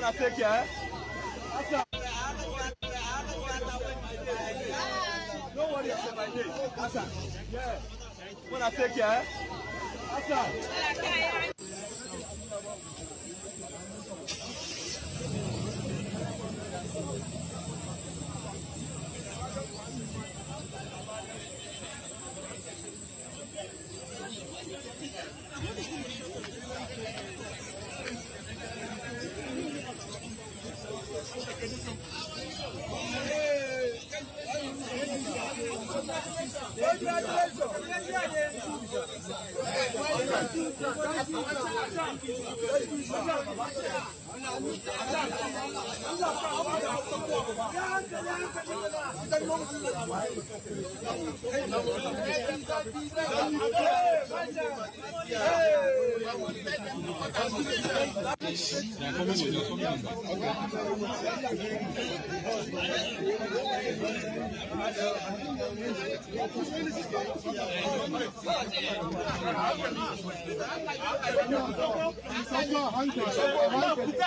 I take care. Don't worry my Asa. Yeah. I take care. Asa. Congratulations. 한개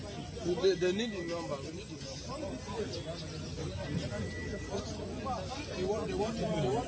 They, they need the number. We need the number. They want, they want, they want.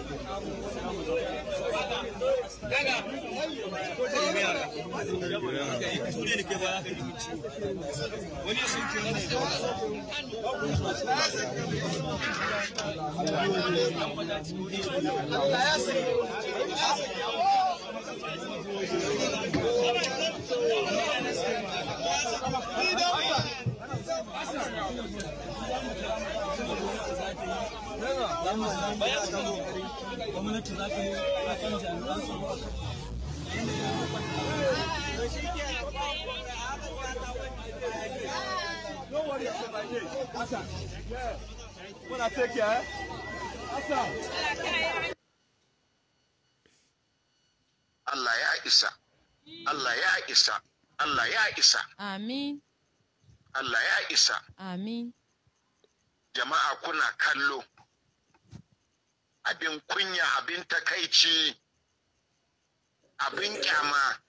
Bayan gwamnati za ta yi jami'an Allah ya isa. Allah ya isa. Allah ya isa. Amin. Allah ya isa. Amin. Jama'a kuna kallo. abin kunya abin takaici abin kyama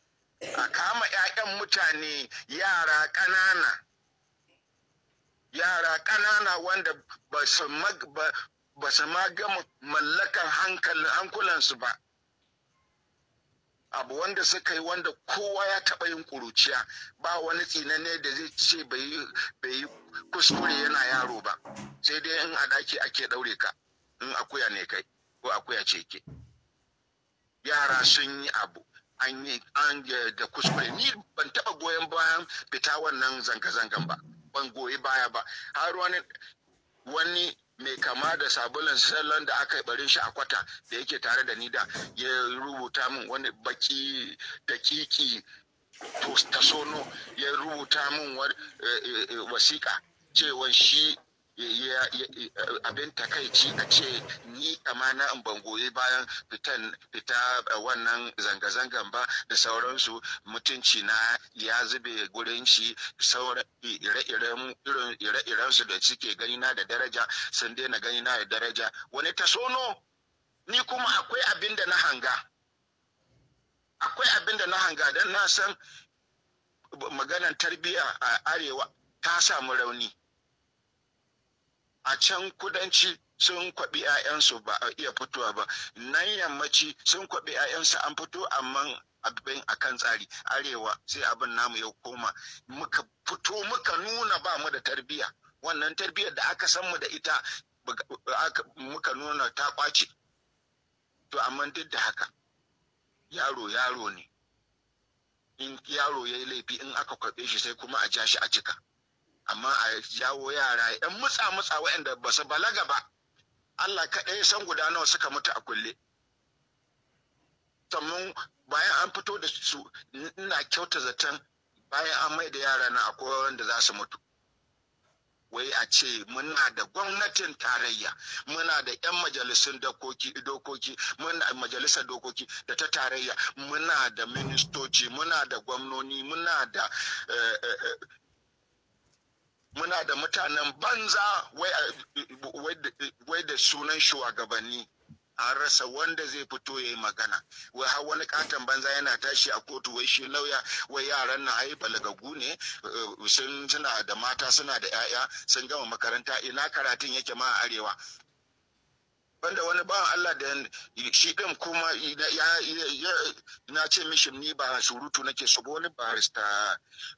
a kama 'ya'yan mutane yara ƙanana yara ƙanana wanda ba su ma gama mallakan hankulansu ba abu wanda suka yi wanda kowa ya taɓa yin kuruciya ba wani tsinanne da zai ce bai yi kuskure yana yaro ba sai dai in a ɗaki ake ɗaure ka in akuya ne kai ko akuya ce ke yara sun yi abu an yi an da kuskure ni ban taba goyon bayan fita wannan zanga-zangan ba ban goyi baya ba har wani wani mai kama da sabulun salon da aka barin shi a kwata da yake tare da ni da ya rubuta min wani baki da kiki ta sono ya rubuta min eh, eh, eh, wasiƙa cewa shi abin takaici a ce ni amana in ban goyi bayan fitan fita eh, wannan zanga-zangan ba da sauransu mutunci na ya zube gurin shi sauran ire su da suke gani na da daraja sun daina gani na da daraja wani tasono ni kuma akwai abin da na hanga akwai abin da na hanga don na san maganan tarbiyya a arewa ta samu rauni a can kudanci sun kwaɓi 'ya'yansu ba a iya fitowa ba nan yammaci sun kwaɓi 'ya'yansu an fito amma abin a kan tsari arewa sai abin namu ya koma muka fito muka nuna ba mu da tarbiyya wannan tarbiyyar da aka san mu da ita muka nuna ta kwace to amma duk da haka yaro yaro ne in yaro ya yi laifi in aka kwaɓe shi sai kuma a ja shi a cika amma a jawo yara yan mutsa mutsa waɗanda ba su balaga ba Allah kaɗai san guda nawa suka mutu a kulle sannan bayan an fito da su ina kyauta zaton bayan an mai da yara na akwai wanda za su mutu wai a ce muna da gwamnatin tarayya muna da 'yan majalisun dokoki muna majalisar dokoki da ta tarayya muna da ministoci muna da gwamnoni muna da eh, eh, eh, muna da mutanen banza wai da sunan shugabanni a rasa wanda zai fito ya yi magana wai har wani katon banza yana tashi a kotu wai shi lauya wai yaran na ai balagagu ne sun suna da mata suna da 'ya'ya sun gama makaranta ina karatun yake ma a arewa banda wani bawan Allah da shi din kuma na ce mishi ni ba surutu nake so ba wani barista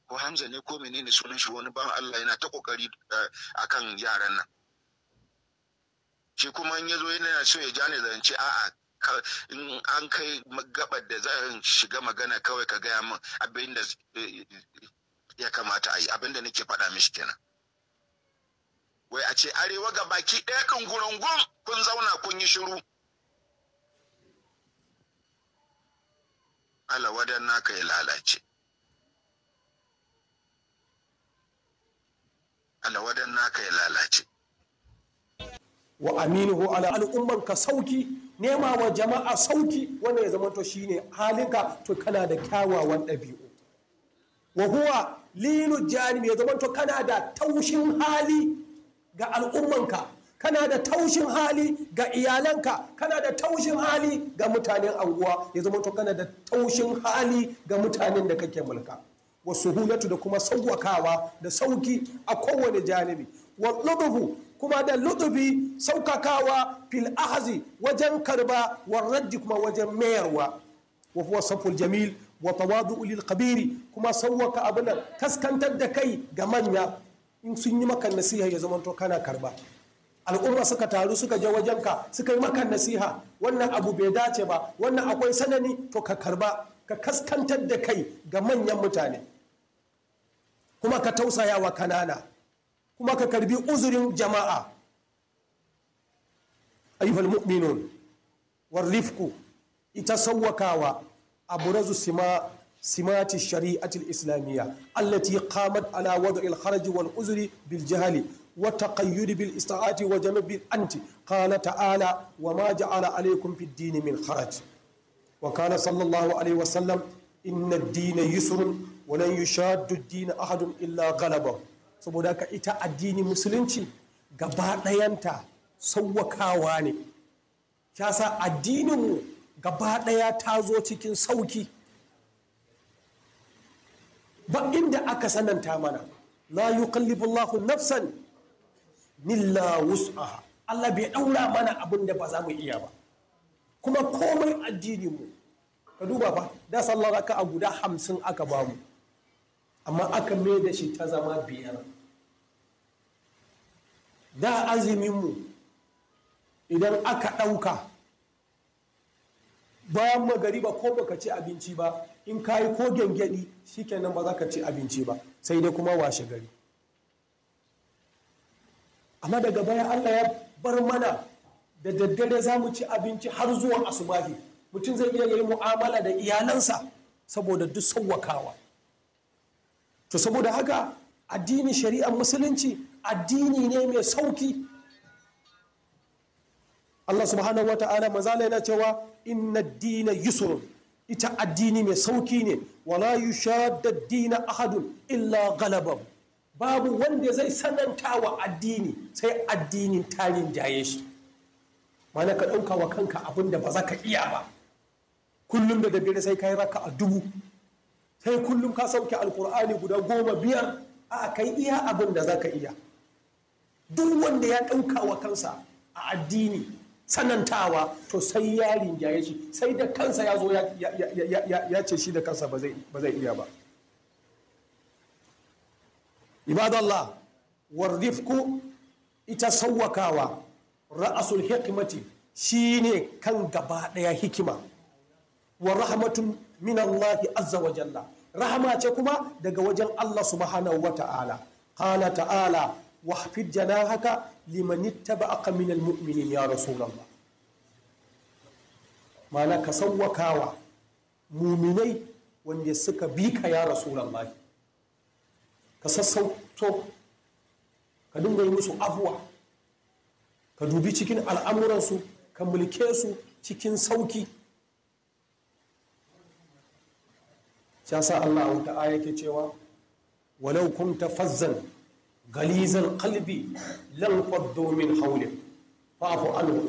ko Hamza ne ko menene sunan shi wani bawan Allah yana ta kokari eh, akan yaran nan shi kuma in yazo yana so ya jani zance a'a in an kai gabar da zan shiga magana kawai ka gaya min abin da eh, ya kamata a yi abin da nake faɗa mishi kenan wai a ce arewa ga baki ɗaya kan gurungun kun zauna kun yi shiru alawadan naka ya lalace alawadan naka ya lalace wa aminuhu ala al'ummar ka sauki nema wa jama'a sauki wanda ya zama to ne halinka to kana da kyawawan ɗabi'u wa huwa linu jani ya zama to kana da taushin hali ga al'ummanka kana da taushin hali ga iyalanka kana da taushin hali ga mutanen anguwa ya zama to kana da taushin hali ga mutanen da kake mulka wasu hulatu da kuma sauwakawa da sauki a kowane janibi wa lutufu kuma da lutufi saukakawa fil ahazi wajen karba wa raddi kuma wajen mayarwa wa huwa saful jamil wa tawadu ulil kabiri kuma sauwaka abin kaskantar da kai ga manya in sun yi maka nasiha ya to kana karba al'umma suka taru suka je wajenka suka yi maka nasiha wannan abu bai dace ba wannan akwai sanani to ka karba ka kaskantar da kai ga manyan mutane kuma ka tausaya wa kanana kuma ka karbi uzurin jama'a ayyuhal mu'minun warrifku ita sawwakawa abu razu sima simati shari'atul islamiyya allati qamat ala wad'i al-kharaj wal uzri bil jahli والتقيد بالاستعاءة وجمع بالأنت قال تعالى وما جعل عليكم في الدين من خرج وكان صلى الله عليه وسلم إن الدين يسر ولن يشاد الدين أحد إلا غلبه saboda ka ita addini musulunci gaba ɗayanta sauwakawa ne sa addininmu gaba ɗaya ta zo cikin sauki ba inda aka sananta mana la yi Allahu nafsan illa wus'aha Allah bai ɗaura mana abin da ba za mu iya ba kuma komai addini mu ka duba ba. da sallar aka a guda hamsin aka ba mu amma aka mai da shi ta zama biyar da azumin mu idan aka ɗauka bayan ba ko baka ci abinci ba in ka yi ko gyangyaɗi shikenan ba za ka ci abinci ba sai dai kuma washe gari amma daga baya allah ya bar mana da daddare za mu ci abinci har zuwa asubahi mutum zai iya yi mu'amala da iyalansa saboda duk sauwakawa to saboda haka addini shari'ar musulunci addini ne mai sauki Allah subhanahu wa ta'ala mazala yana cewa inna dina yusurun ita addini mai sauki ne wala daddi na ahadun illa galabahu babu wanda zai sananta wa addini sai addinin tarin jaye shi mana ka ɗauka wa kanka abin da ba za ka iya ba kullum da dabere sai ka yi raka a dubu sai kullum ka sauke alkur'ani guda goma biyar a kai iya abin da za ka iya duk wanda ya ɗauka wa kansa a addini tsanantawa to sai ya rinjaye shi sai da kansa ya zo ya ce shi da kansa ba zai iya ba ibadallah warrifku ita sauwakawa ra'asul hikimati shi ne kan gaba daya hikima wa rahmatun min Allah azza wa jalla rahama ce kuma daga wajen Allah subhanahu wa ta'ala qala ta'ala haka janahaka liman ittaba'aka minal mu'minin ya rasu rasulullah mana ka sawwakawa muminai wanda suka bi ka ya rasulullah ka sassauto ka dinga musu afuwa ka dubi cikin al'amuransu ka mulke su cikin sauki shi sa Allah wata aya ke cewa walau kunta fazzan galizar kalbi lalfar domin haulin fafo alwar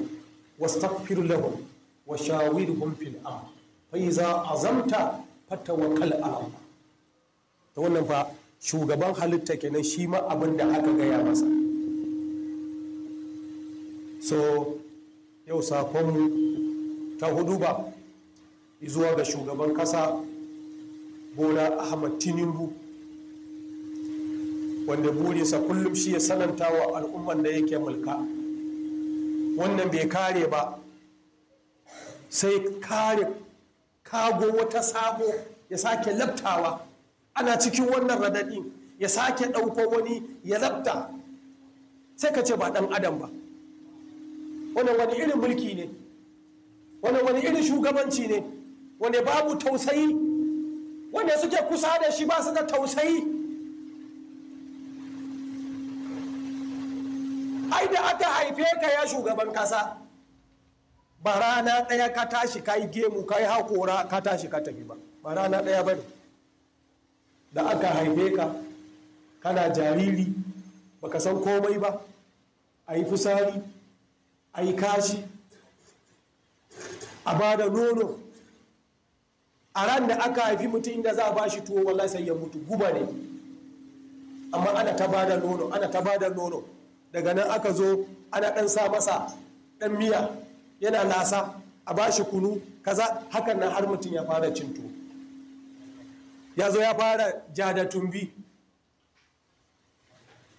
wastafir lahun wa shawir gumfin am fai za a zanta fata wa kal ta wannan fa shugaban halitta kenan shi ma abin da aka gaya masa so yau sakon ta hudu ba izuwa ga shugaban kasa bola ahmad tinubu wanda burinsa kullum shi ya sananta wa al'umman da yake mulka wannan bai kare ba sai kare kago wata sabo ya sake laftawa, ana cikin wannan radadin ya sake ɗauko wani ya labta sai ka ce ba ɗan adam ba wani wani irin mulki ne wani wani irin shugabanci ne wani babu tausayi wanda suke kusa da shi ba su da tausayi ai da aka haife ka ya shugaban kasa ba rana ɗaya ka tashi ka yi gemu ka yi haƙora ka tashi ka tafi ba ba rana ɗaya ba da aka haife ka kana jariri ba ka san komai ba a yi fusari a yi kashi a ba da nono a ran da aka haifi mutum inda za a ba shi tuwo wallah sai ya mutu guba ne amma ana ta ba da nono ana ta ba da nono daga nan aka zo ana ɗan sa masa ɗan miya yana lasa a ba shi kunu kaza hakan nan har mutum ya fara cinto ya zo ya fara ja da tumbi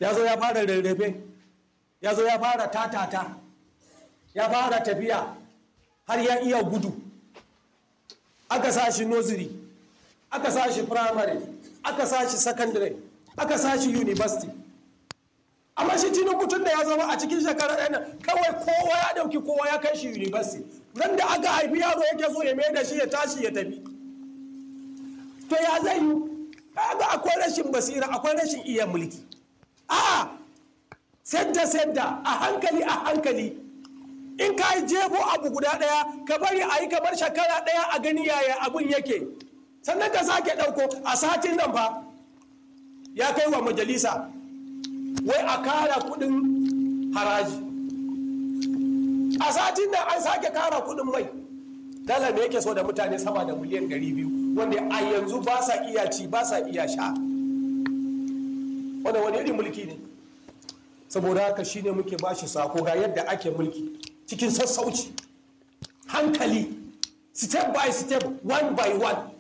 ya zo ya fara rarrafe ya zo ya fara tatata ya fara tafiya har ya iya gudu aka sa shi nursery aka sa shi primary aka sa shi secondary aka sa shi university amma shi tinubu tun da ya zama a cikin shekara yana kawai kowa ya ɗauki kowa ya kai shi university nan da aka haifi yaro yake so ya mai da shi ya tashi ya tafi to ya zai yi kaga akwai rashin basira akwai rashin iya mulki a sedda sedda a hankali a hankali in ka yi jebo abu guda daya ka bari a yi kamar shekara daya a gani yaya abun yake sannan ka sake ɗauko a satin nan fa ya kai wa majalisa wai a kara kudin haraji a satin da an sake kara kudin mai dala ne yake so da mutane sama da miliyan biyu wanda a yanzu ba sa iya ci ba sa iya sha wanda wani irin mulki ne saboda haka shine muke bashi sako ga yadda ake mulki cikin sassauci hankali step by step one by one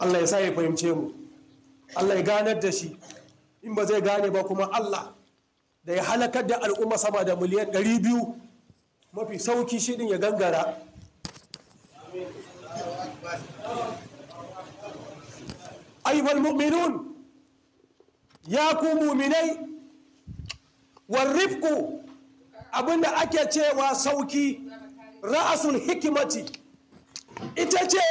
Allah ya sa ya fahimce mu Allah ya ganar da shi in ba zai gane ba kuma Allah da ya halakar da al'umma sama da miliyan 200 mafi sauki shi din ya gangara ayyuhal mu'minun ya ku mu'minai warrifku abinda ake cewa sauki ra'asul hikimati ita ce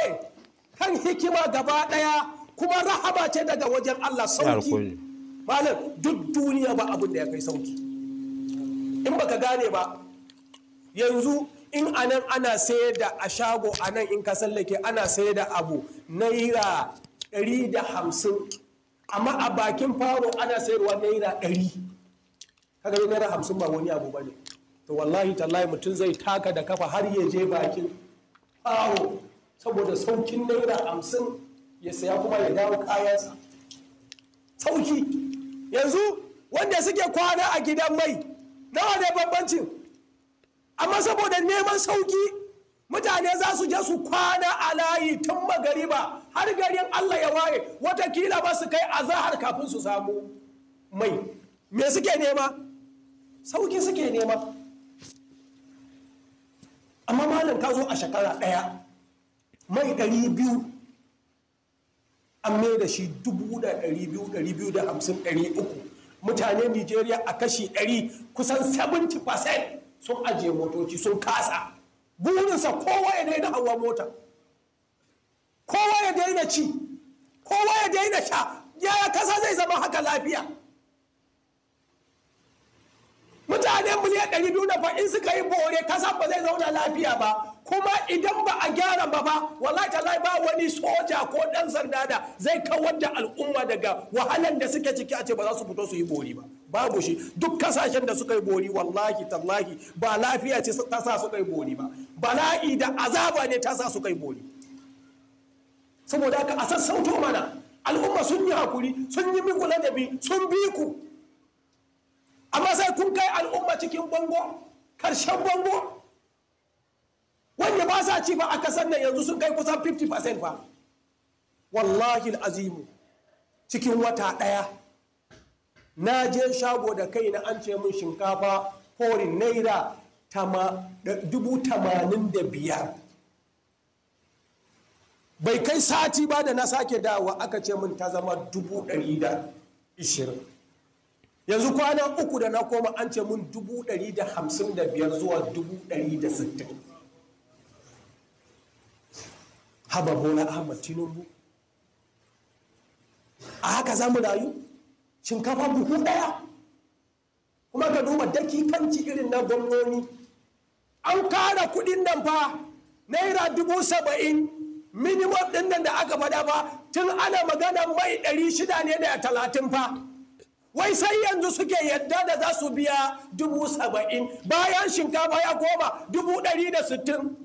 kan hikima gaba daya kuma rahaba ce daga wajen Allah sauki malam duk duniya ba abin da ya kai sauki in baka gane ba yanzu in anan ana sayar da a shago anan in ka sallake ana sayar da abu naira 150 amma a bakin faro ana sayarwa naira 100 kaga ne naira 50 ba wani abu bane to wallahi tallahi mutum zai taka da kafa har ya je bakin faro saboda saukin naira hamsin. ya saya kuma ya dawo kayansa sauki yanzu wanda suke kwana a gidan mai nawa ne bambancin amma saboda neman sauki mutane za su je su kwana a layi tun magariba har garin allah ya waye watakila ba su kai azahar kafin su samu mai me suke nema sauki suke nema amma malin ka zo a shekara ɗaya mai ɗari biyu an mai da shi dubu da ɗari biyu ɗari biyu da hamsin ɗari uku mutane nigeria a kashi ɗari kusan 70% sun ajiye motoci sun kasa burinsa kowa ya daina hawa mota kowa ya daina ci kowa ya daina sha ya kasa zai zama haka lafiya mutane miliyan 200 in suka yi bore kasa ba zai zauna lafiya ba kuma idan ba a gyara ba fa wallahi lai ba wani soja ko dan sanda da zai kawar da al'umma daga wahalan da suke ciki a ce ba za su fito su yi bori ba babu shi duk kasashen da suka yi bori wallahi tallahi ba lafiya ce ta sa suka yi bori ba bala'i da azaba ne ta sa suka yi bori saboda haka a sassauto mana al'umma sun yi hakuri sun yi miku ladabi sun bi ku amma sai kun kai al'umma cikin bango karshen bango wanda ba sa ci ba a kasar nan yanzu sun kai kusan 50% ba wallahi azimu cikin wata ɗaya na je shago da kai na an ce min shinkafa forin naira dubu biyar bai kai sati ba da na sake dawa aka ce min ta zama dubu yanzu kwanan uku da na koma an ce min dubu ɗari biyar zuwa dubu haba bola ahmad tinubu a haka za mu rayu shinkafa buhu ɗaya kuma ka duba dakikanci irin na gwamnoni an kara kuɗin nan fa naira dubu saba'in minimum ɗin nan da aka faɗa ba tun ana magana mai ɗari shida ne da talatin fa wai sai yanzu suke yadda da za su biya dubu saba'in bayan shinkafa ya koma dubu ɗari da sittin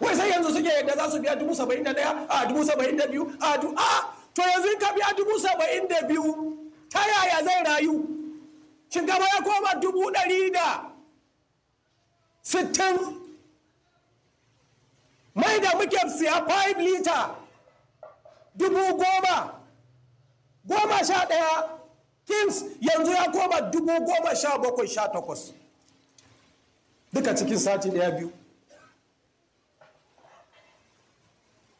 wai sai yanzu suke yadda za su biya dubu saba'in da ɗaya a dubu saba'in da biyu a du a to yanzu in ka biya dubu saba'in da biyu ta yaya zai rayu shinkafa ya koma dubu ɗari da sittin mai da muke siya 5 lita dubu goma goma sha ɗaya kings yanzu ya koma dubu goma sha bakwai sha takwas duka cikin sati ɗaya biyu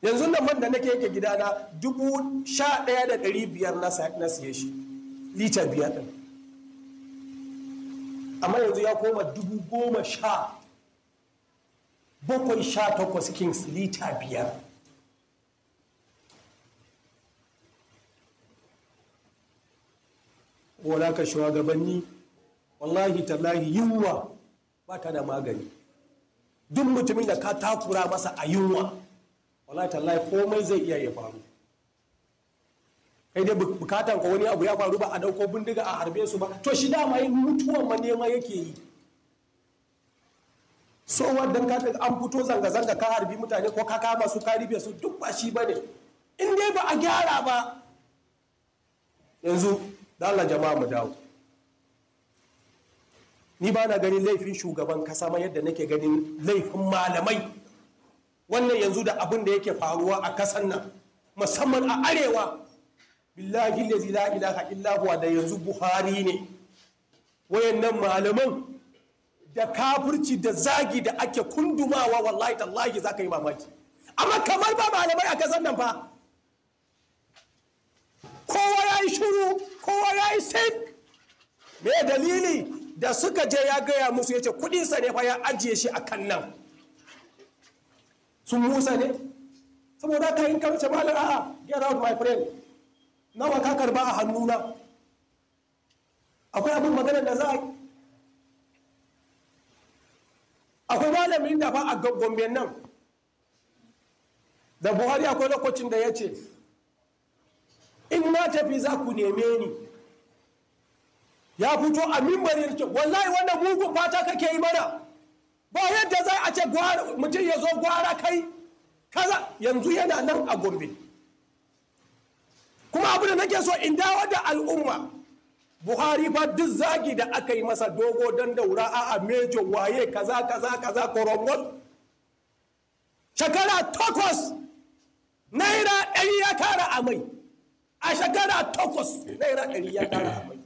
yanzu da man da nake yake gidana dubu sha ɗaya da ɗari biyar na siye shi lita biyar ɗin amma yanzu ya koma dubu goma sha bakwai sha takwas kings lita biyar wala ka shugabanni wallahi tallahi yunwa ba ta da magani duk mutumin da ka takura masa a yunwa wallahi tallahi komai zai iya ya faru kai dai bukatan ko wani abu ya faru ba a dauko bindiga a harbe su ba to shi dama yin mutuwan ma nema yake yi so dan ka an fito zanga zanga ka harbi mutane ko ka kama su ka rufe su duk ba shi bane in dai ba a gyara ba yanzu da Allah jama'a mu dawo ni ba na ganin laifin shugaban kasa ma yadda nake ganin laifin malamai wannan yanzu da abin da yake faruwa a kasan nan musamman a arewa billahi lazi la ilaha wa da yanzu buhari ne wayannan malaman da kafirci da zagi da ake kundumawa wallahi tallahi zaka yi mamaki amma kamar ba malamai a kasan nan fa kowa ya yi shuru kowa ya yi sin me dalili da suka je ya gaya musu ya ce kudinsa ne fa ya ajiye shi a kan nan sun musa ne saboda ka yin kamce malam a'a get out my friend nawa ka karba a hannuna akwai abin magana da za a yi akwai malamin da ba a gombe nan da buhari akwai lokacin da ya ce in na tafi za ku neme ni ya fito a mimbarin ce wallahi wanda mugun fata kake yi mana ba yadda zai a ce mutum ya zo gwara kai kaza yanzu yana nan a gombe kuma abu da nake so in dawo da al'umma buhari ba duk zagi da aka yi masa dogo don daura a mejo waye kaza kaza kaza koromon shekara takwas naira ɗari ya kara a mai a shekara takwas naira ɗari ya kara a mai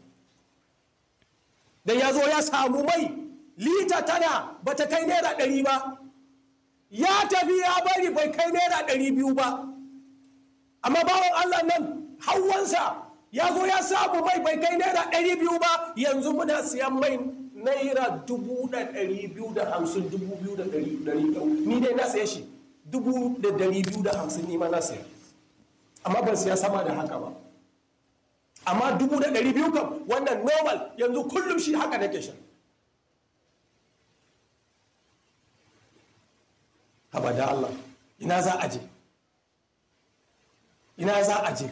da ya zo ya samu mai lita tana ba ta kai naira ɗari ba ya tafi ya bari bai kai naira ɗari biyu ba amma bawan allah nan hawansa ya zo ya samu mai bai kai naira ɗari biyu ba yanzu muna siyan mai naira dubu da ɗari biyu da hamsin dubu biyu da ɗari biyu. ni dai na siya shi dubu da ɗari biyu da hamsin ni ma na siya amma ban siya sama da haka ba amma dubu da ɗari biyu kam wannan normal yanzu kullum shi haka nake shan abada Allah ina za a je ina za a je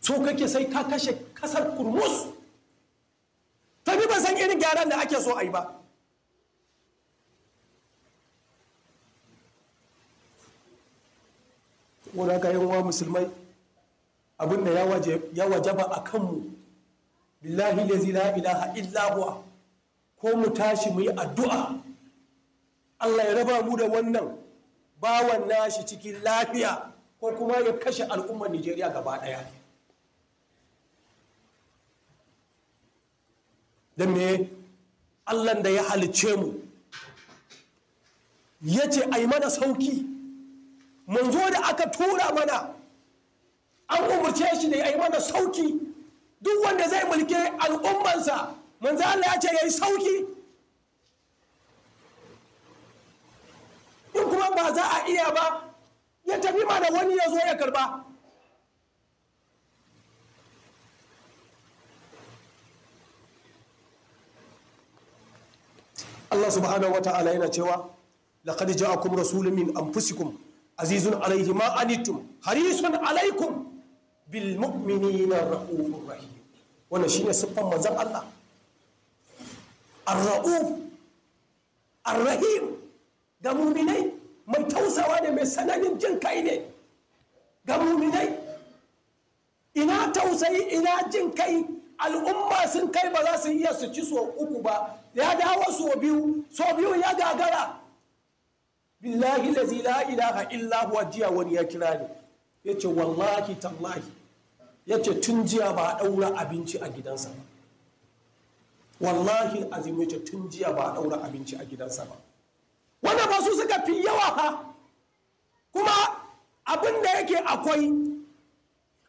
so kake sai ka kashe kasar kurmus ta bi ban san irin gyaran da ake so a yi ba wadda ka yi wa musulmai abinda ya waje ba a kanmu billahi lazi la ilaha illa ko mu tashi mu yi addu'a Allah ya raba mu da wannan bawan nashi cikin lafiya ko kuma ya kashe al'ummar Nijeriya gaba ɗaya. Don me allah da ya halice mu ya ce a mana sauki, manzo da aka tura mana an umarce shi da ya mana sauki duk wanda zai mulke al'ummansa manzo Allah ya ce ya sauki. ba za a iya ba ya tafi ma da wani ya zo ya karba Allah subhanahu wa ta'ala yana cewa laqad ja'akum rasulun min anfusikum azizun alayhi ma anittum harisun alaykum bil mu'minina ra'ufur rahim wannan shine siffan manzon Allah ar-ra'uf ar-rahim da mu'minai mai tausawa ne mai sananin jin kai ne ga muminai ina tausayi ina jin kai al'umma sun kai ba za su iya su ci so uku ba ya dawo so biyu so biyu ya gagara billahi lazi la ilaha illa huwa jiya wani ya kira ne. ni ce wallahi tallahi ce tun jiya ba a daura abinci a gidansa ba wallahi azim ce tun jiya ba a daura abinci a gidansa ba wanda ba su suka fi yawa fa kuma abin da yake akwai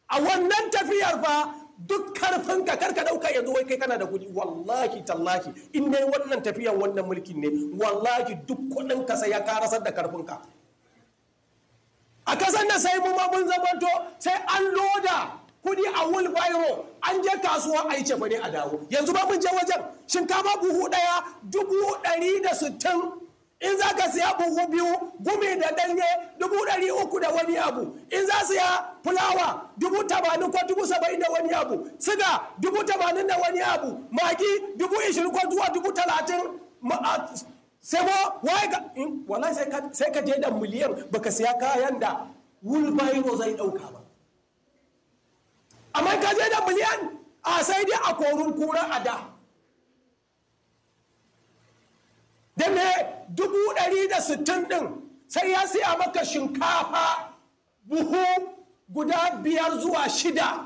a wannan tafiyar fa duk karfin ka karka dauka yanzu wai kai kana da kuɗi wallahi tallahi in dai wannan tafiyar wannan mulkin ne wallahi duk kudin ka sai ya karasar da karfin ka a kasan da sai mu mabun mun zamanto sai an loda kudi a wulbairo an je kasuwa a yi cefane a dawo yanzu ba mun je wajen shinkafa buhu ɗaya dubu ɗari da sittin in za ka siya buhu biyu gumi da ɗanye dubu ɗari uku da wani abu in za siya fulawa dubu tamanin ko dubu saba'in da wani abu siga dubu tamanin da wani abu magi dubu ishirin ko zuwa dubu talatin sai ko waye ka wallahi sai ka je da miliyan baka siya kayan da wulbairo zai ɗauka ba amma ka je da miliyan a sai dai a korun kura a da da me dubu ɗari da sittin ɗin sai ya siya maka shinkafa buhu guda biyar zuwa shida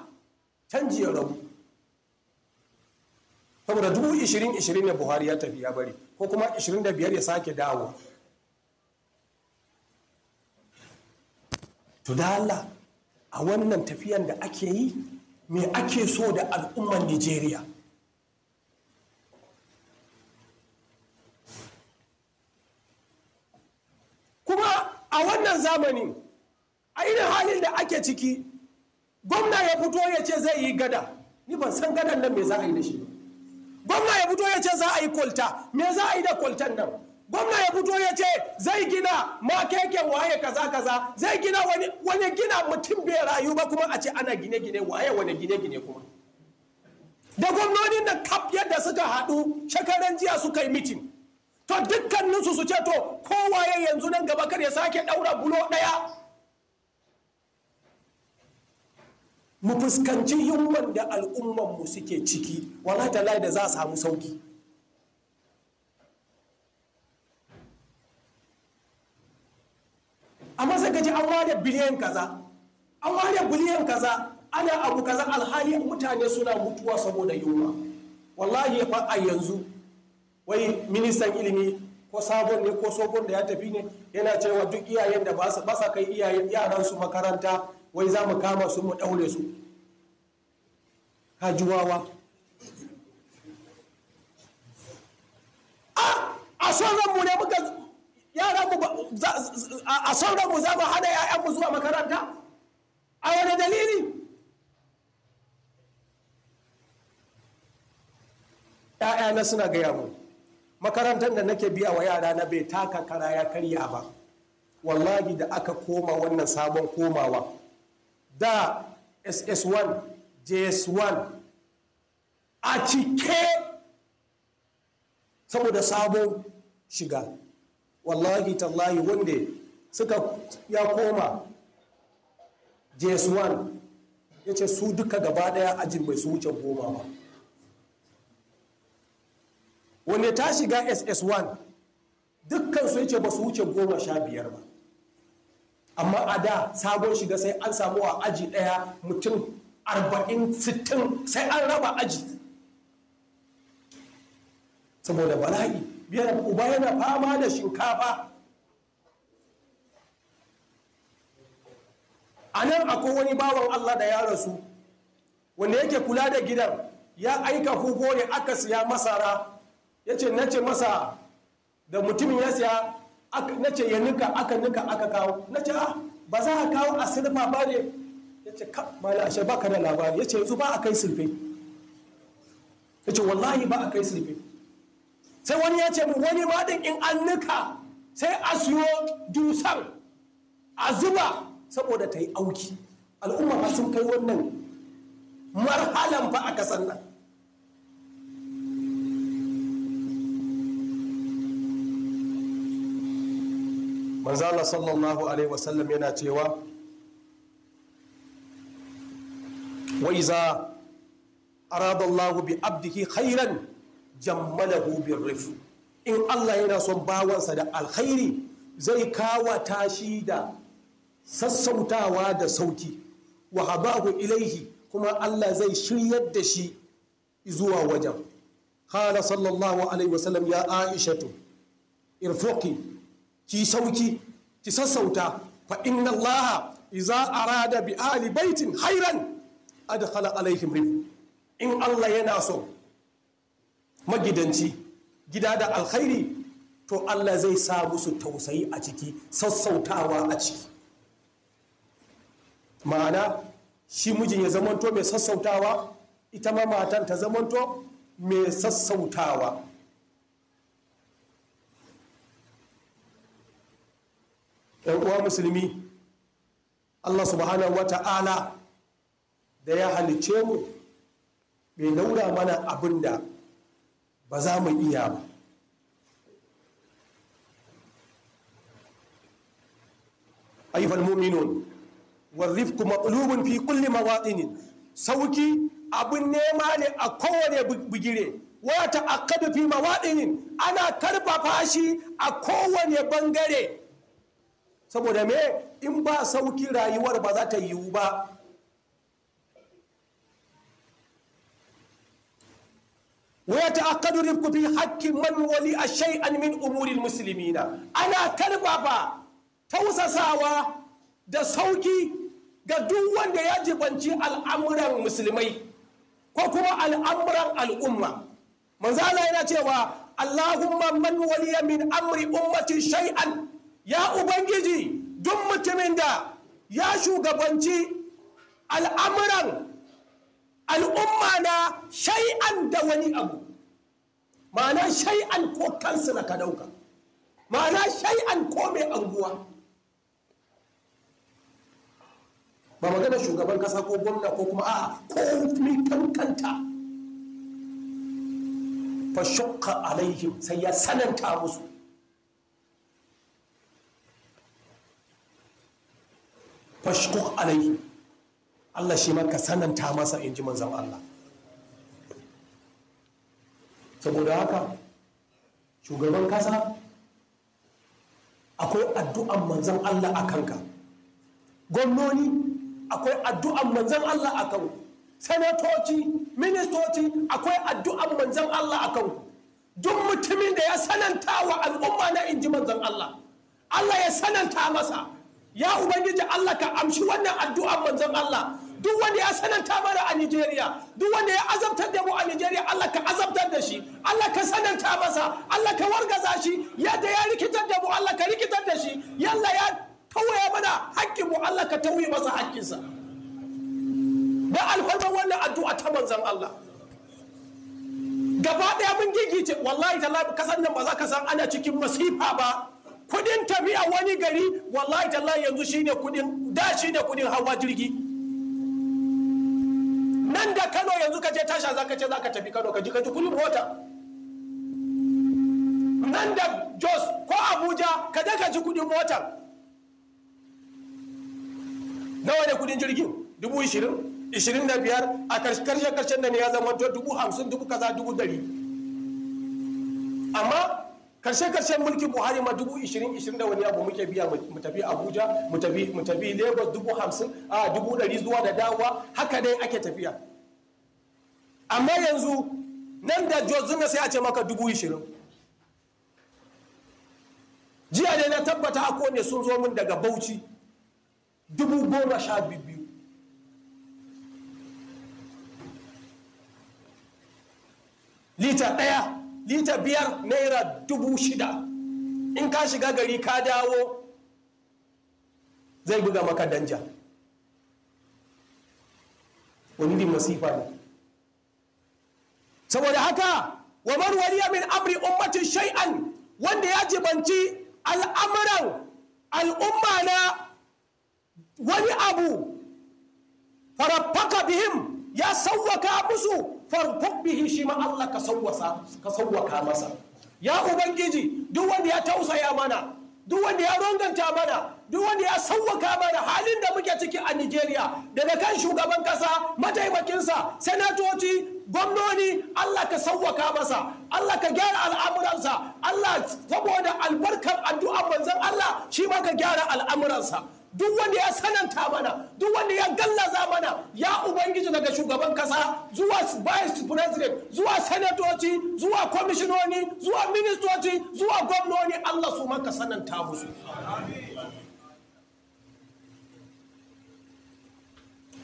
canji ya rabu saboda dubu ishirin ishirin ne buhari ya tafi ya bari ko kuma ishirin da biyar ya sake dawo to da Allah a wannan tafiyan da ake yi me ake so da al'umman nigeria. a wannan zamani a irin halin da ake ciki gwamna ya fito ya ce zai yi gada ni ban san gadan nan me za a yi da shi gwamna ya fito ya ce za a yi kwalta me za a yi da kwaltan nan gwamna ya fito ya ce zai gina ma keken waye kaza kaza zai gina wani gina mutum bai rayu ba kuma a ce ana gine gine waye wani gine gine kuma da gwamnonin da kaf yadda suka haɗu shekaran jiya suka yi mitin to dukkaninsu su ce to kowaye yanzu nan gaba kar ya sake daura bulo daya mu fuskanci yunwan da al'umman mu suke ciki wala ta da za a samu sauki amma sai gaji an ware biliyan kaza an ware biliyan kaza ana abu kaza alhali mutane suna mutuwa saboda yunwa wallahi a yanzu wai ministan ilimi ko sabon ne ko sokon da ya tafi ne yana cewa duk iyayen da ba sa kai iyayen yaran su makaranta wai za mu kama su mu daure su hajuwawa a sauran mu ne muka yaran mu a sauran mu za mu hada yayan mu zuwa makaranta a wani dalili ‘ya'yana suna gaya mu makarantar da nake biya wa yara na bai taka kara ya karya ba wallahi da aka koma wannan sabon komawa da ss1 js1 a cike saboda sabon shiga wallahi tallahi wanda suka ya koma js1 ya ce su duka gaba daya ajin bai su wuce goma ba wanda ta shiga ss1 dukkan su yake ba su wuce goma sha biyar ba amma a da sabon shiga sai an samu a aji ɗaya mutum arba'in sittin sai an raba aji saboda bala'i biyar uba yana fama da shinkafa a nan akwai wani bawan allah da ya rasu wanda yake kula da gidan ya aika hugo ne aka siya masara ya ce na ce masa da mutumin ya siya na ce ya nika aka nika aka kawo na ce ah ba za a kawo a sirfa ba ne ya ce ka mala ashe ba ka da labari ya ce yanzu ba a kai sirfe ya ce wallahi ba a kai sirfe sai wani ya ce wani ma din in an nika sai a siyo dusan a zuba saboda ta yi auki al'umma ba sun kai wannan marhalan ba a kasan nan manzala sallallahu alaihi wasallam yana cewa wai za arada bi abdiki khairan jammalahu bir rif in Allah yana son bawansa da alkhairi zai kawata shi da sassautawa da sauki wa habahu ilaihi kuma Allah zai shiryar da shi zuwa wajen qala sallallahu alaihi wasallam ya aishatu irfuqi ki sauki ki sassauta fa inna Allah iza arada bi ali baitin hairan adkhala alaihim rif in Allah yana so magidanci gida da alkhairi to Allah zai sa musu tausayi a ciki sassautawa a ciki ma'ana shi mijin ya zamanto mai sassautawa ita ma matan ta zamanto mai sassautawa 'yan uwa musulmi allah subhanahu wa ta'ala da ya halice mu bai daura mana abin da ba za mu iya ba ayyukan muminun kuma ƙulubin fi kulli mawaɗinin sauki abin nema ne a kowane bigire wata akadu fi mawaɗinin ana karfafa shi a kowane bangare saboda me in ba sauki rayuwar ba za ta yiwu ba waya ta akadu rifku fi haƙƙin man wali a shai'an min umurin na ana kalbaba tausasawa da sauki ga duk wanda ya jibanci al'amuran musulmai ko kuma al'amuran al'umma manzala yana cewa allahumma man waliya min amri ummatin shai'an? ya ubangiji duk mutumin da ya shugabanci al'amuran al'umma na shai'an da wani abu ma'ana shai'an ko kansu na ka ɗauka ma'ana shai'an ko mai anguwa ba magana shugaban kasa ko gwamna ko kuma a'a ko mai kankanta fa shukka alaihim sai ya sananta musu fashkuk alaihi Allah shi maka sananta masa in ji manzan Allah saboda haka shugaban kasa akwai addu'an manzan Allah a kanka gwamnoni akwai addu'an manzan Allah a kanku sanatoci ministoci akwai addu'an manzan Allah a kanku duk mutumin da ya sananta wa al'umma na in ji manzan Allah Allah ya sananta masa ya ubangiji Allah ka amshi wannan addu'ar manzon Allah duk wanda ya sananta mana a Nigeria duk wanda ya azabtar da mu a Nigeria Allah ka azabtar da shi Allah ka sananta masa Allah ka wargaza shi yadda ya rikitar da mu Allah ka rikitar da shi yalla ya tauye mana haƙƙin mu Allah ka tauye masa hakkinsa da alfarma wannan addu'a ta manzon Allah gaba daya mun gigice wallahi tallahi kasan nan ba za ka san ana cikin masifa ba kudin tafiya wani gari wallahi tallahi yanzu shine kudin da shine kudin hawa jirgi nan da Kano yanzu ka je tasha za ka ce za ka tafi Kano ka ji ka ji kudin mota nan da Jos ko Abuja ka je ka ji kudin mota nawa ne kudin jirgin dubu ishirin ishirin da biyar a karshe karshen da ne ya zama dubu hamsin dubu kaza dubu dari amma karshe karshen mulkin buhari ma dubu ishirin ishirin da wani abu muke biya mu tafi abuja mu tafi lagos dubu hamsin a dubu ɗari zuwa da dawa haka dai ake tafiya amma yanzu nan da jozuna sai a ce maka dubu ishirin jiya ne na tabbata a kone sun zo min daga bauchi dubu goma sha biyu lita ɗaya lita biyar naira dubu shida in ka shiga gari ka dawo zai buga maka danja wani masifa ne saboda haka wa marwariya min amri ummatin shay'an wanda ya jibanci al'amuran al'umma na wani abu farafaka bihim ya sauwaka musu farfaq bihi shi ma Allah ka sauwaka masa ya ubangiji duk wanda ya tausaya mana duk wanda ya ronganta mana duk wanda ya sauwaka mana halin da muke ciki a Nigeria daga kan shugaban kasa mataimakinsa senatoci gwamnoni Allah ka sauwaka masa Allah ka gyara al'amuransa Allah saboda albarkar addu'ar manzon Allah shi ma ka gyara al'amuransa duk wanda ya sananta mana duk wanda ya gallaza mana ya ubangiji daga shugaban kasa zuwa vice president zuwa senatoci, zuwa kwamishinoni zuwa ministoci zuwa gwamnoni allah su maka sananta musu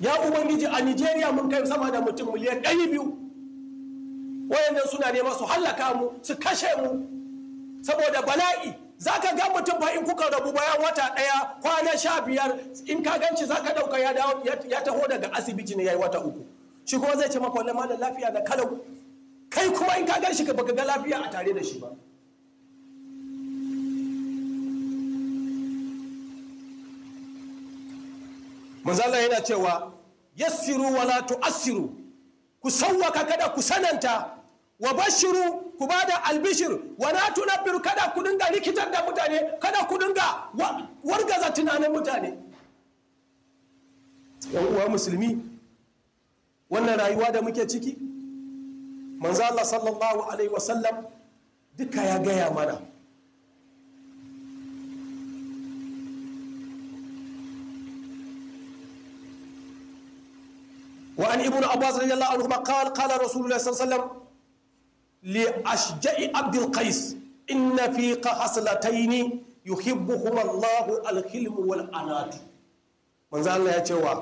ya ubangiji a nigeria mun kai sama da mutum miliyan biyu wayannan suna nema su hallaka mu su kashe mu saboda bala'i za ka ga mutum ba in kuka rabu bayan wata ɗaya kwana sha biyar in ka ganci za ka ɗauka ya taho daga asibiti ne ya yi wata uku shi kuma zai ce maka wani malam lafiya na kalau kai kuma in ka gan shi ka baka ga lafiya a tare da shi ba manzala yana cewa yassiru wala tu'assiru ku sawwaka kada ku sananta wa bashiru ku ba da albishir wa na tunabbiru kada ku dinga rikitar da mutane kada ku dinga wargaza tunanin mutane yan musulmi wannan rayuwa da muke ciki manzo Allah sallallahu alaihi wasallam duka ya gaya mana وعن ابن عباس رضي الله عنهما قال قال رسول الله صلى الله عليه وسلم li ashja'i abdul qais inna fi haslataini yuhibbuhuma Allahu alhilmu wal anat manzo Allah ya cewa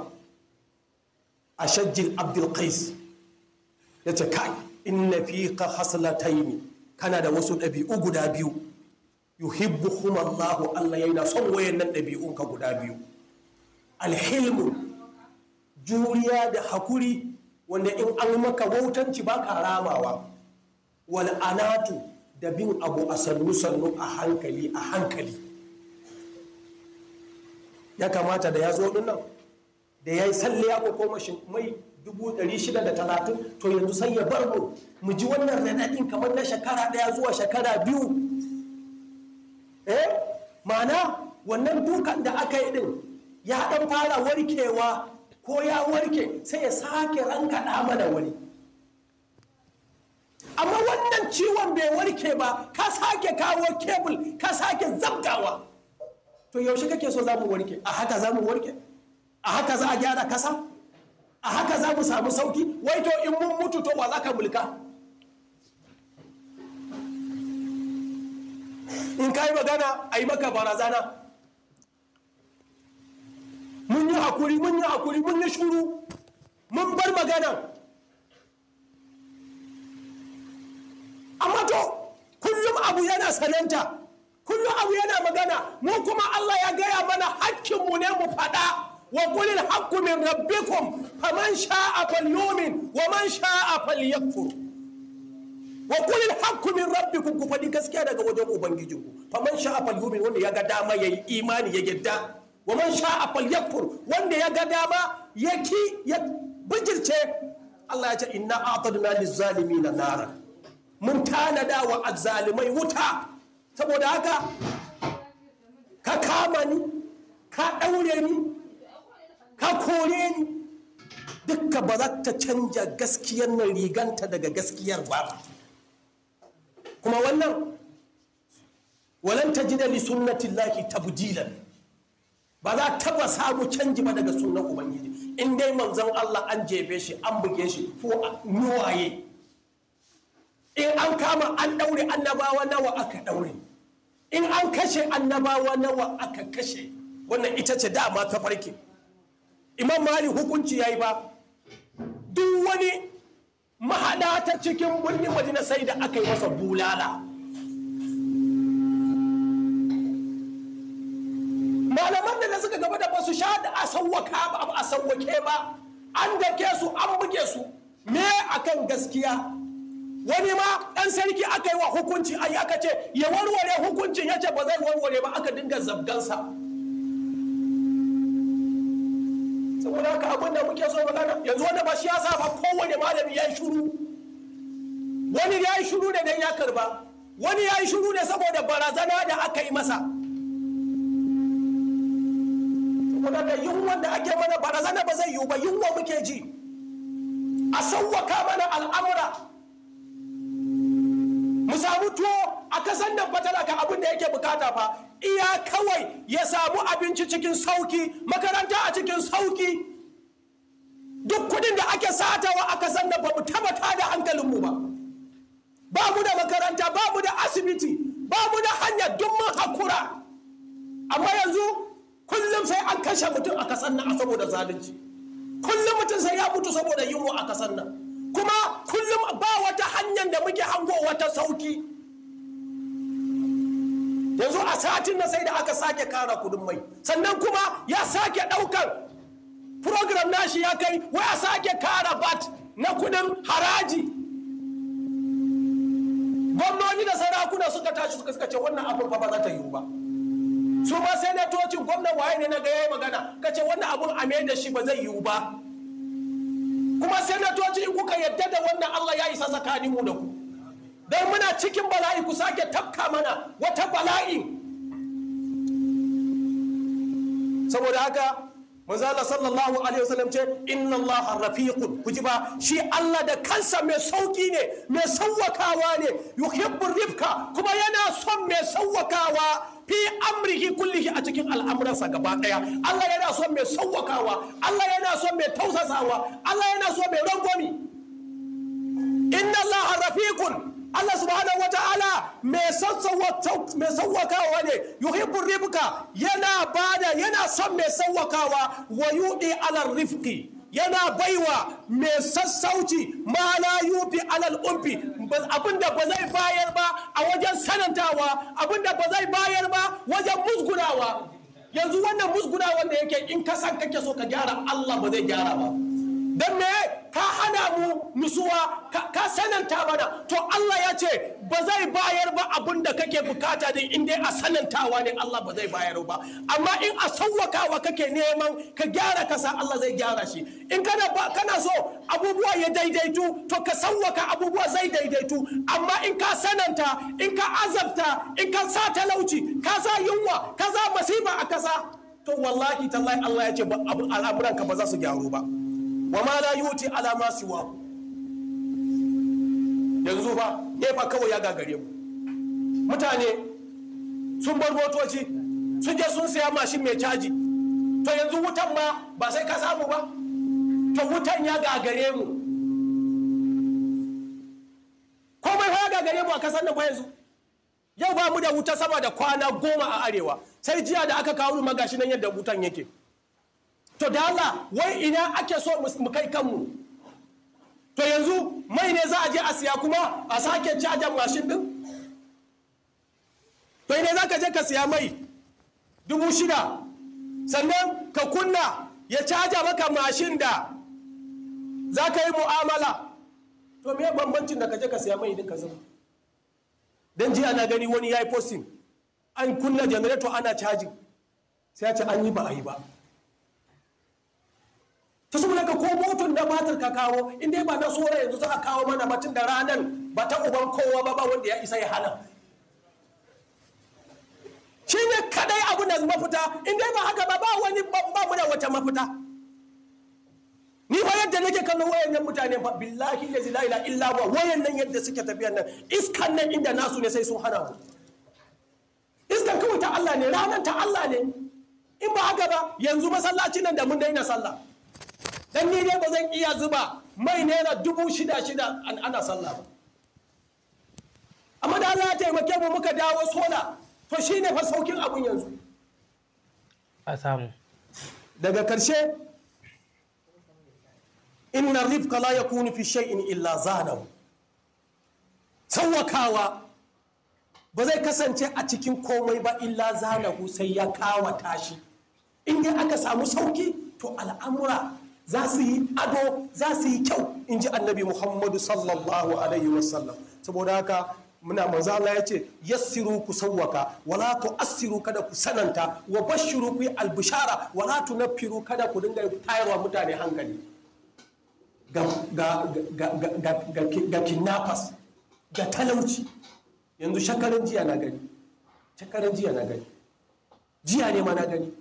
ashajjil abdul qais yace kai inna fi haslataini kana da wasu ɗabi'u guda biyu yuhibbuhum Allah Allah yana son wayannan ɗabi'un ka guda biyu alhilmu juriya da hakuri wanda in an maka wautanci baka ramawa Wal'anatu anatu da bin abu a sannu sannu a hankali a hankali ya kamata da ya zo nan da ya yi salle ya koma mai dubu ɗari shida da talatin to yanzu sai ya bar mu mu ji wannan raɗaɗin kamar na shekara ɗaya zuwa shekara biyu eh ma'ana wannan dukan da aka yi ɗin ya ɗan fara warkewa ko ya warke sai ya sake rankaɗa mana wani amma wannan ciwon bai warke ba ka sake kawo kebul ka sake zabtawa to yaushe kake so za mu warke a haka za mu warke a haka za a gyara kasa a haka za mu samu sauki wai to in mun mutu to ba za ka mulka in ka yi magana a yi maka barazana mun yi hakuri mun yi hakuri mun yi shuru mun bar magana amma to kullum abu yana sananta kullum abu yana magana mu kuma Allah ya gaya mana hakkinmu ne mu faɗa wa qulil haqqu min rabbikum faman sha'a falyumin wa man sha'a falyakfur wa qulil haqqu min rabbikum ku faɗi gaskiya daga wajen ubangijinku faman sha'a falyumin wanda ya ga dama yayi imani ya yadda wa man sha'a falyakfur wanda ya ga dama ya ki ya bijirce Allah ya ce inna a'tadna lizalimina nara mun tanada wa azalimai wuta saboda haka ka kama ni ka ɗaure ni ka kore ni dukka ba za ta canja gaskiyar nan riganta daga gaskiyar ba kuma wannan walanta ji da li sunnatin laki tabdilan ba za ta ba samu canji ba daga sunan ubangiji in dai manzon Allah an jefe shi an buge shi ko nuwaye in an kama an ɗaure annabawa nawa aka ɗaure in an kashe annabawa nawa aka kashe wannan ita ce dama ta farke imam mali hukunci ya yi ba duk wani mahaɗa ta cikin birnin madina sai da aka yi masa bulala malaman da na suka gaba da basu sha da a ba a sauwake ba an dake su an buge su me akan gaskiya wani ma ɗan sarki aka yi wa hukunci yi aka ce ya warware hukuncin ya ce ba zai warware ba aka dinga zabgansa saboda haka abin da muke so magana yanzu wanda ba shi ya sa ba kowane malami ya yi shuru wani ya yi shuru da dan ya karba wani ya yi shuru ne saboda barazana da aka yi masa saboda da yunwan da ake mana barazana ba zai yiwu ba yunwa muke ji a sauwaka mana al'amura samu tuwo a kasan nan fa talaka abin da yake bukata fa iya kawai ya samu abinci cikin sauki makaranta a cikin sauki duk kudin da ake satawa a kasan nan ba mu tabbata da hankalinmu ba ba mu da makaranta ba mu da asibiti ba mu da hanyar duk mun hakura amma yanzu kullum sai an kashe mutum a kasan nan saboda zalunci kullum mutum sai ya mutu saboda yunwa a kasan nan kuma kullum ba wata hanyar da muke hango wata sauki yanzu a satin na sai da aka sake kara kudin mai sannan kuma ya sake ɗaukar program nashi ya kai waya sake kara bat na kudin haraji gwamnoni da sarakuna suka tashi suka suka ce wannan abun fa ba ta yiwu ba su ma tocin gwamnan waye ne na ga yayi magana kace wannan abun a da shi ba zai yiwu ba kuma sanatoci in kuka yadda da wannan Allah ya isa tsakanin mu da ku dan muna cikin bala'i ku sake tafka mana wata bala'i. saboda haka manzala sallallahu alaihi wasallam ce inna allaha rafiqun ji ba shi Allah da kansa mai sauki ne mai sauwakawa ne yuhibbu rifka kuma yana son mai sauwakawa fi amrihi kullihi a cikin al'amuransa gaba daya Allah yana so mai sauwakawa Allah yana so mai tausasawa Allah yana so mai rangwami inna Allah rafiqun Allah subhanahu wa ta'ala mai sauwakawa ne yuhibbur rifka yana ba da yana son mai sauwakawa wa yudi ala rifqi yana baiwa mai sassauci ma la yufi alal umfi abin da ba zai bayar ba a wajen sanantawa abin da ba zai bayar ba wajen musgunawa yanzu wannan musgunawa da yake in ka san kake so ka gyara Allah ba zai gyara ba don me ka hana mu nutsuwa ka sananta bana. to Allah ya ce ba zai bayar ba abin da kake bukata din in dai a sanantawa ne Allah ba zai bayar ba amma in a sauwakawa kake neman ka gyara kasa Allah zai gyara shi in kana kana so abubuwa ya daidaitu to ka sauwaka abubuwa zai daidaitu amma in ka sananta in ka azabta in ka sa talauci ka sa yunwa ka sa masifa a kasa to wallahi tallahi Allah ya ce al'amuranka ba za su gyaru ba wa ma la yuti ala wa siwa yanzu fa nefa kawai ya gagare mu mutane sun bar motoci sun je sun saya mashin mai caji to yanzu wutan ma ba sai ka samu ba to wutan ya gagare mu komai ya gagare mu a kasar nan yanzu yau ba mu da wuta sama da kwana goma a arewa sai jiya da aka kawo magashi nan yadda wutan yake to da Allah wai ina ake so mu kai kanmu to yanzu mai ne za a je a siya kuma a sake cajan mashin din to ina za ka je ka siya mai dubu shida sannan ka kunna ya caja maka mashin da za ka yi mu'amala to me bambancin da ka je ka siya mai din ka zama don jiya na gani wani ya yi posting an kunna janareto ana caji sai ya ce an yi ba a yi ba ta su ka ko motun da matar ka kawo in dai ba na tsoron yanzu za a kawo mana batun da ranar ba ta uban kowa ba ba wanda ya isa ya hana shi ne kadai abu na mafita in dai ba haka ba ba wani ba mu da wata mafita ni ba yadda nake kallon nan mutane ba billahi lazi zila ila illa wayan nan yadda suke tafiyan nan iskan nan inda nasu ne sai sun hana mu iskan kawai ta Allah ne ranar ta Allah ne in ba haka ba yanzu masallaci nan da mun daina sallah dan ni dai ba zan iya zuba mai naira dubu shida shida ana sallah ba amma da Allah ya taimake mu muka dawo sola to shine fa saukin abun yanzu a samu daga karshe inna rifqa la yakunu fi shay'in illa zanahu sawakawa ba zai kasance a cikin komai ba illa zanahu sai ya kawata shi in dai aka samu sauki to al'amura za su yi ado za su yi kyau in ji annabi muhammadu sallallahu alaihi wasallam saboda haka muna manzo Allah ya ce yassiru ku sawwaka wala assiru kada ku sananta wa bashiru ku albishara wala nafiru kada ku dinga tayarwa mutane hankali ga ga ga ga kidnappers ga talauci yanzu shakarin jiya na gani shakarin jiya na gani jiya ne ma na gani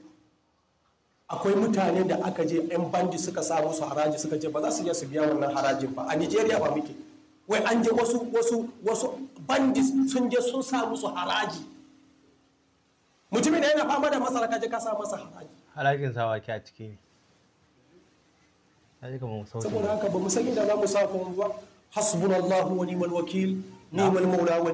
akwai mutane da aka je 'yan bandi suka sa musu haraji suka ce ba za su iya su biya wannan harajin ba a nigeria ba muke wai an je wasu wasu wasu bandi sun je sun sa musu haraji mutumin da yana fama da masara kaje ka sa masa haraji harajin sawa ke a ciki ne saboda haka ba mu san inda za mu sa kuma ba hasbunallahu wa ni'mal wakil ni'mal maula